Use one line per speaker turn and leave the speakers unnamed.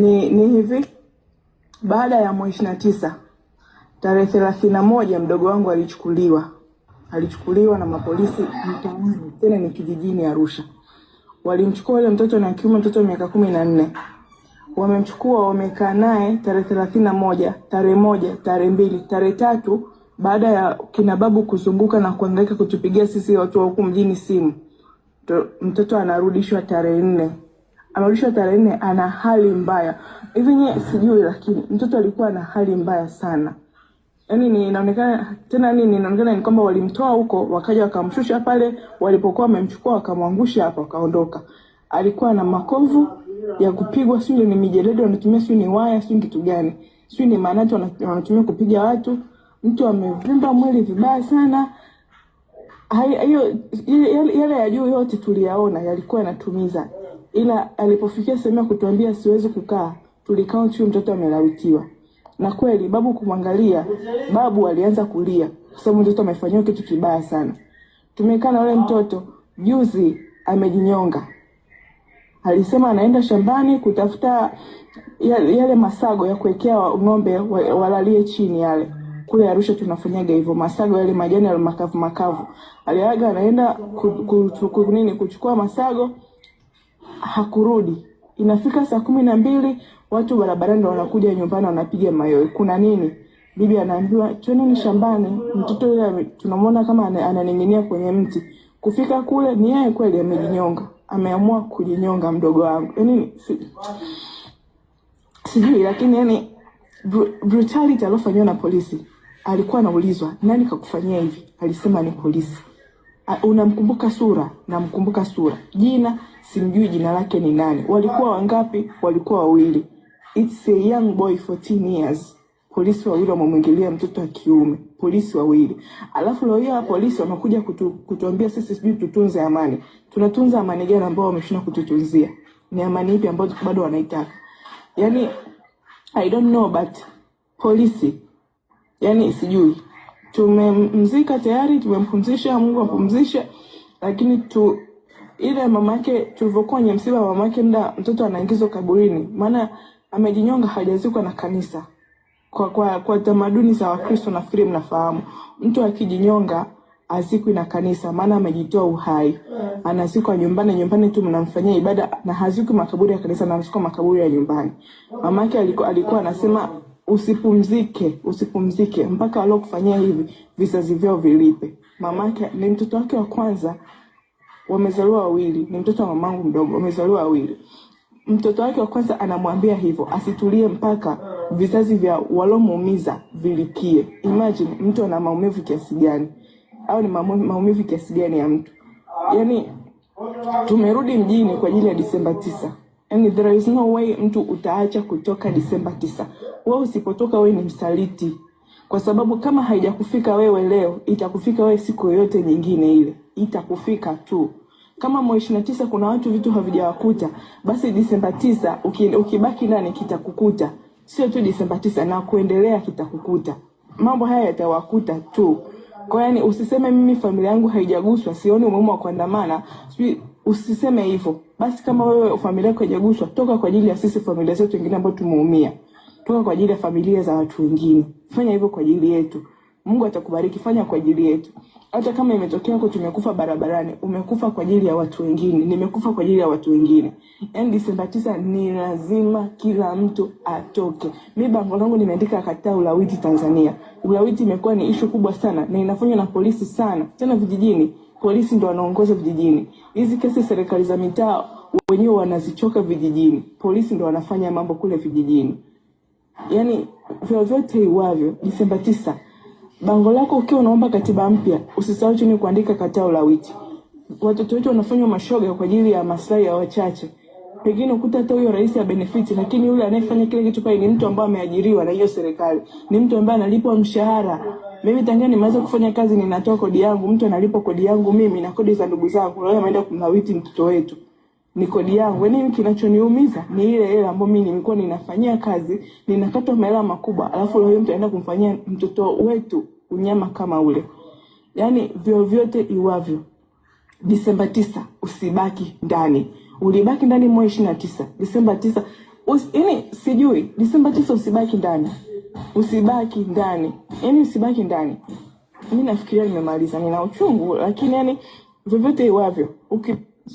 ni, ni hivi baada ya mwezi ishirini na tisa tarehe thelathini na moja mdogo wangu alichukuliwa alichukuliwa na mapolisi mtaani, tena ni kijijini Arusha. Walimchukua yule mtoto na kiume, mtoto miaka kumi na nne. Wamemchukua, wamekaa naye tarehe thelathini na moja tarehe moja tarehe mbili tarehe tatu baada ya kina babu kuzunguka na kuangaika kutupigia sisi watu wa huku mjini simu, mtoto anarudishwa tarehe nne amerudishwa tarehe nne, ana hali mbaya hivi nyewe sijui, lakini mtoto alikuwa na hali mbaya sana. Yani ni inaonekana tena nini, inaonekana ni kwamba walimtoa huko, wakaja wakamshusha pale walipokuwa wamemchukua, wakamwangusha hapa, wakaondoka. Alikuwa na makovu ya kupigwa, sijui ni mijeledi wanatumia, sijui ni waya, sijui kitu gani, sijui ni manati wanatumia kupiga watu. Mtu amevimba mwili vibaya sana. Hayo yale ya juu yote tuliyaona, yalikuwa yanatumiza ila alipofikia sehemu ya kutuambia siwezi kukaa, tulikaa huyu mtoto amelawikiwa. Na kweli babu kumwangalia, babu alianza kulia kwa sababu mtoto amefanyiwa kitu kibaya sana. Tumekaa na yule mtoto juzi, amejinyonga. Alisema anaenda shambani kutafuta yale masago ya kuwekea ng'ombe walalie chini yale kule Arusha tunafanyaga hivyo masago yale majani ya makavu makavu, aliaga anaenda ku, ku, ku, ku, nini kuchukua masago hakurudi. Inafika saa kumi na mbili, watu barabarani wanakuja nyumbani wanapiga mayowe, kuna nini? Bibi anaambiwa twendeni shambani, mtoto yule tunamwona kama ananing'inia kwenye mti. Kufika kule ni yeye kweli amejinyonga, ameamua kujinyonga mdogo wangu. Yaani sijui, lakini yani brutality aliofanyiwa na polisi. Alikuwa anaulizwa nani kakufanyia hivi, alisema ni polisi. Unamkumbuka sura? Namkumbuka sura. Jina simjui jina lake ni nani. Walikuwa wangapi? Walikuwa wawili. It's a young boy 14 years. Polisi wawili wamemwingilia mtoto wa kiume, polisi wawili. Alafu leo hii polisi wamekuja kutu, kutuambia sisi sijui tutunze amani. Tunatunza amani gani ambao wameshindwa kututunzia? Ni amani ipi ambayo bado wanaitaka? Yani, I don't know but polisi yani sijui tumemzika tayari, tumempumzisha, Mungu ampumzishe, lakini tu ile yake tulivyokuwa kwenye msiba wa yake muda mtoto anaingizwa kaburini, maana amejinyonga, hajazikwa na kanisa. Kwa, kwa, kwa tamaduni za Wakristo nafikiri mnafahamu, mtu akijinyonga azikwi na kanisa, maana amejitoa uhai, anazikwa nyumbani. Nyumbani tu mnamfanyia ibada na hazikwi makaburi ya kanisa, anazikwa makaburi ya nyumbani. mama yake alikuwa, alikuwa anasema usipumzike, usipumzike mpaka waliokufanyia hivi visazi vyao vilipe. Mamake ni mtoto wake wa kwanza wamezaliwa wawili, ni mtoto wa mamangu mdogo, wamezaliwa wawili. Mtoto wake wa kwanza anamwambia hivyo asitulie mpaka vizazi vya walomuumiza vilikie. Imagine mtu ana maumivu kiasi gani, au ni maumivu kiasi gani ya mtu. Yani tumerudi mjini kwa ajili ya Disemba tisa. Yani, there is no way mtu utaacha kutoka Disemba tisa. Wewe usipotoka, wewe ni msaliti, kwa sababu kama haijakufika wewe leo, itakufika wewe siku yoyote nyingine ile itakufika tu. Kama mwezi ishirini na tisa kuna watu vitu havijawakuta, basi Disemba tisa ukibaki ndani kitakukuta, sio tu Disemba tisa na kuendelea kitakukuta. Mambo haya yatawakuta tu. Kwa yani, usiseme mimi familia yangu haijaguswa, sioni umuhimu wa kuandamana, usiseme hivyo. Basi kama wewe familia yako haijaguswa, toka kwa ajili ya sisi familia zetu wengine ambao tumeumia, toka kwa ajili ya familia za watu wengine, fanya hivyo kwa ajili yetu. Mungu atakubariki, fanya kwa ajili yetu. Hata kama imetokea huko tumekufa barabarani, umekufa kwa ajili ya watu wengine, nimekufa kwa ajili ya watu wengine. Yaani Disemba tisa ni lazima kila mtu atoke. Mi bango langu nimeandika kataa ulawiti Tanzania. Ulawiti imekuwa ni ishu kubwa sana na inafanywa na polisi sana, tena vijijini. Polisi ndo wanaongoza vijijini. Hizi kesi serikali za mitaa wenyewe wanazichoka vijijini, polisi ndo wanafanya mambo kule vijijini. Yaani vyovyote iwavyo, Disemba tisa Bango lako ukiwa unaomba katiba mpya, usisahau chini kuandika kata ulawiti. Watoto wetu wanafanywa mashoga kwa ajili ya maslahi ya wachache. Pengine ukuta hata huyo rais ya benefiti, lakini yule anayefanya kile kitu pale ni mtu ambaye ameajiriwa na hiyo serikali, ni mtu ambaye analipwa mshahara. Mimi tangia nimeanza kufanya kazi ninatoa kodi yangu, mtu analipwa kodi yangu mimi na kodi za ndugu zangu, leo ameenda kumlawiti mtoto wetu ni kodi yangu. Yaani kinachoniumiza ni ile hela ambayo mimi nilikuwa ninafanyia kazi, ninakatwa mahela makubwa, alafu leo mtu anaenda kumfanyia mtoto wetu unyama kama ule. Yaani vyovyote iwavyo, Disemba tisa usibaki ndani. Ulibaki ndani mwezi ishirini na tisa Disemba tisa yaani sijui, Disemba tisa usibaki ndani, usibaki ndani, yaani usibaki ndani. Mi nafikiria nimemaliza, nina uchungu, lakini yani vyovyote iwavyo uki